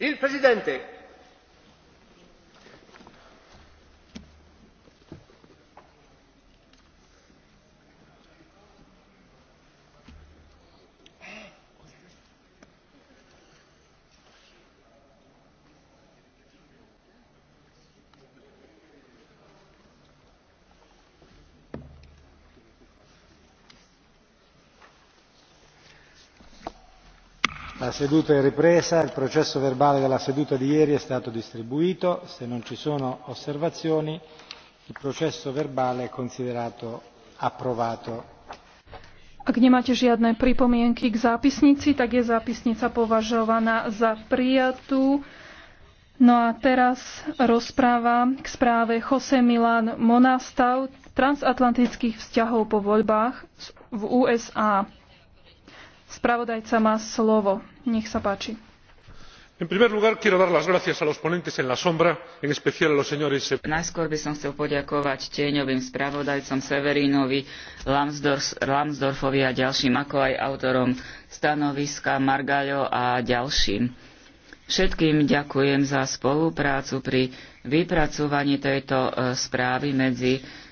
Il Presidente la seduta è ripresa il processo verbale della seduta di ieri è stato distribuito se non ci sono osservazioni il processo verbale è considerato approvato. Ak nemáte žiadne pripomienky k zápisnici, tak je zápisnica považovaná za prijatú. No a teraz rozpráva k správe Jose Milan Monastav transatlantických vzťahov po voľbách v USA. Spravodajca má slovo. Nech sa páči. En primer lugar quiero dar las gracias a los ponentes en la sombra, en especial a los señores... Najskôr by som chcel poďakovať tieňovým spravodajcom Severinovi, Lambsdorf, Lambsdorfovi a ďalším, ako aj autorom stanoviska Margaľo a ďalším. Všetkým ďakujem za spoluprácu pri vypracovaní tejto e, správy medzi